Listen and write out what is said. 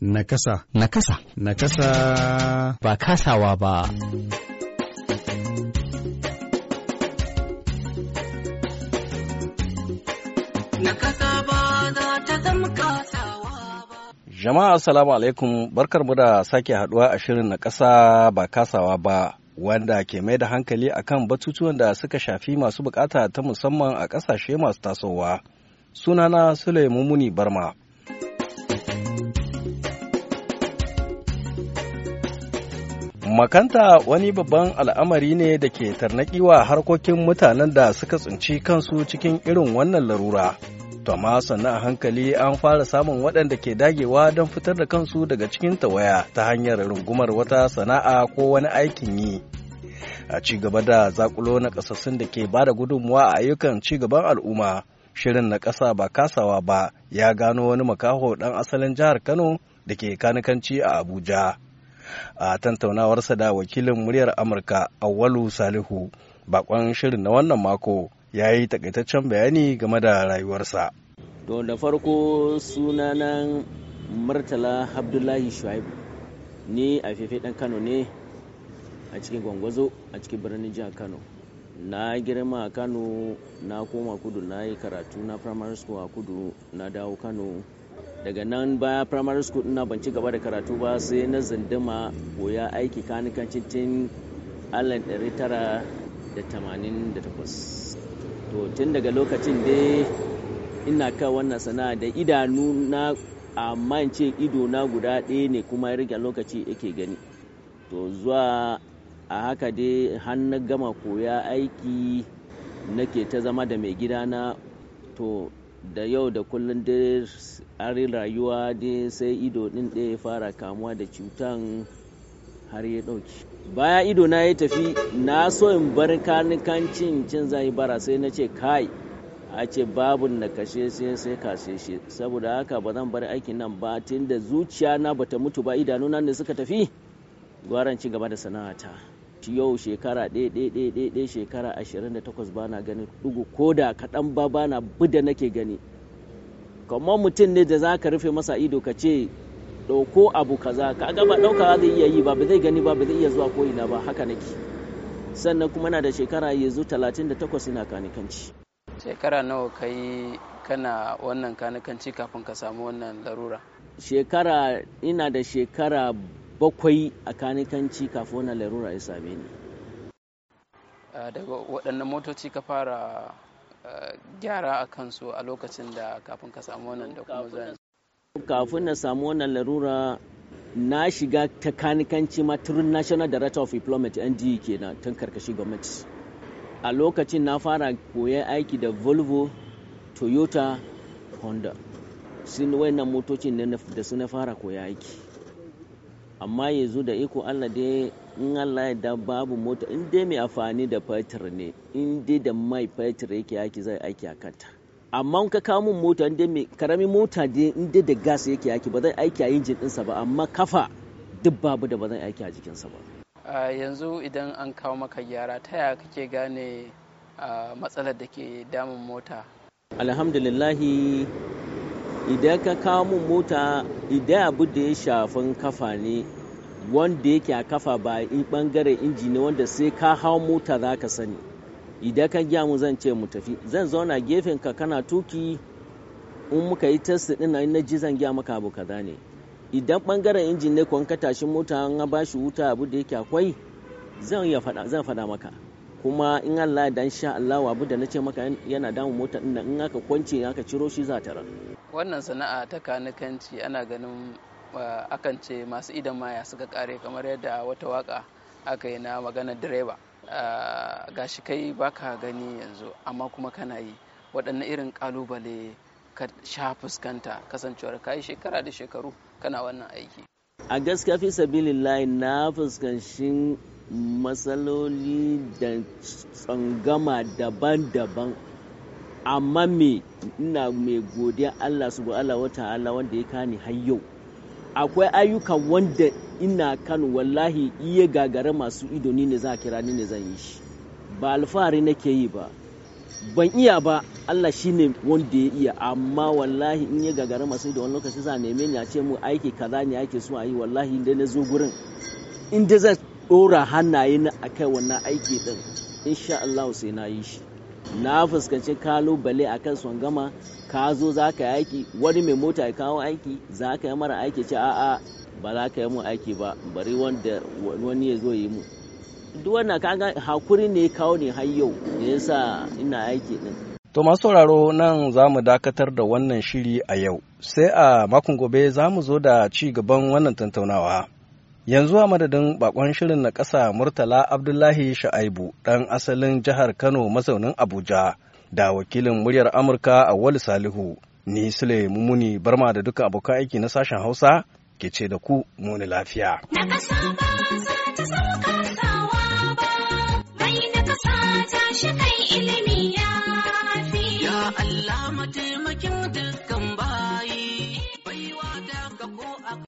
Nakasa. Nakasa. Nakasa. Ba kasawa ba. ba ba. za ta Jama'a Assalamu alaikum barkarmu da sake haduwa a shirin na ƙasa ba kasawa ba wanda ke mai da hankali a kan batutuwan da suka shafi masu bukata ta musamman a ƙasashe masu tasowa. Sunana Sulaimu Muni Barma. Makanta wani babban al'amari ne da ke tarnakiwa wa harkokin mutanen da suka tsinci kansu cikin irin wannan larura. Tama sannan a hankali an fara samun waɗanda ke dagewa don fitar da kansu daga cikin tawaya ta hanyar rungumar wata sana'a ko wani aikin yi. A ci gaba da zakulo na ƙasassun da ke bada da gudunmuwa a ayyukan ci gaban al'umma, shirin na ƙasa ba kasawa ba ya gano wani makaho ɗan asalin jihar Kano da ke kanikanci a Abuja. a tantaunawarsa da wakilin muryar amurka awalu salihu bakon shirin na wannan mako ya yi takaitaccen bayani game da rayuwarsa to da farko sunanan murtala abdullahi shuaibu ni a fefe dan kano ne a cikin gwangwazo a cikin birnin jihar kano na girma a kano na koma kudu na yi karatu na primary school a kudu na dawo kano daga nan baya primary school ina ban ci gaba da karatu ba sai na zindima koya aiki kanikan tun allen 1988 to tun daga lokacin dai ina kan wannan sana'a da idanu na amma in ce ido na guda ɗaya ne kuma ya lokaci yake gani to zuwa a haka dai hannun gama koya aiki nake ta zama da mai gidana to da yau da kullum dai arin rayuwa dai sai ido din da ya fara kamuwa da cutan har ya ɗauki baya ido na ya tafi na so in bar kanikancin cin zai bara sai na ce kai a ce babu na kashe sai sai kashe shi saboda haka ba zan bar aikin nan ba tun da zuciya na bata mutu ba idanuna ne suka tafi gwaran ci gaba da sana'ata gwamnati yau shekara ɗaya shekara 28 ba na ganin ɗugu ko da kaɗan ba ba na buda nake gani kamo mutum ne da za ka rufe masa ido ka ce ɗauko abu kaza ka gaba ɗauka zai iya yi ba ba zai gani ba ba zai iya zuwa ko ina ba haka nake sannan kuma na da shekara yanzu 38 ina kanikanci shekara nawa ka yi kana wannan kanikanci kafin ka samu wannan larura shekara ina da shekara bakwai a kanikanci kafin wannan larura ya same ni eh, daga waɗannan motoci ka fara eh, gyara a kansu a lokacin da kafin ka samu wannan da kuma zai kafin na samu wannan larura na shiga ta kanikanci ma national director of employment nd e kenan tun karkashin gwamnati a lokacin na fara koyan aiki da volvo toyota honda sun wayannan motocin da su na fara koyan aiki amma yanzu da iko allah dai in allah ya da babu mota in dai mai amfani da fetur ne in dai da mai fetur yake yaki zai aiki a kanta amma ka kawo min mota in dai mai karamin mota dai in dai da gas yake yaki ba zai aiki a injin ɗinsa ba amma kafa duk babu da ba zai aiki a jikinsa ba yanzu idan an kawo maka gyara taya kake gane matsalar da ke damun mota alhamdulillahi idan ka kawo mun mota idan abu da ya shafin kafa ne wanda yake a kafa ba bangaren inji ne wanda sai ka hau mota za ka sani idan ka gya mu zan ce mu tafi zan zauna gefen ka kana tuki in muka yi test din na ji zan gya maka abu kaza ne idan bangaren injin ne kuwa ka tashi mota an ba shi wuta abu da yake akwai zan iya fada zan faɗa maka kuma in Allah dan sha Allah abu da na maka yana damun mota din in aka kwance aka ciro shi za ta wannan sana'a ta kanikanci ana ganin eh, akan ce masu idan maya suka kare kamar yadda wata waka aka yi na magana direba eh, ga shi kai baka gani yanzu amma kuma kana yi waɗanne irin kalubale ka sha fuskanta kasancewar ka yi shekara da shekaru kana wannan aiki a gaskiya fi sabilillahi na fuskanci matsaloli da tsangama daban-daban amma me ina mai godiya Allah su Allah wa ta'ala wanda ya kani har yau akwai ayyukan wanda ina kan wallahi iya gagara masu ido ne za kira ni ne zan yi shi ba alfahari nake yi ba ban iya ba Allah shine wanda ya iya amma wallahi in ya gagara masu ido wani lokaci za neme ni a ce mu aiki kaza ne ake so a yi wallahi inda na zo gurin inda zan dora hannaye na akai wannan aiki din insha Allah sai na yi shi na fuskanci kalubale a kan gama ka zo za ka yi aiki wani mai mota ya kawo aiki za ka yi mara aiki ce a'a ba za ka yi mu aiki ba bari wanda wani ya zo yi mu duk wannan kaga hakuri ne kawo ne har yau ya yasa ina aiki din to masu sauraro nan za mu dakatar da wannan shiri a yau sai a makon gobe za mu zo da ci gaban wannan tattaunawa yanzu a madadin bakon shirin na ƙasa murtala abdullahi sha'aibu ɗan asalin jihar kano mazaunin abuja da wakilin muryar amurka a wali salihu ni sule mumuni barma da duka abokan aiki na sashen hausa ke ce da ku muni lafiya. Na ƙasa ba za ta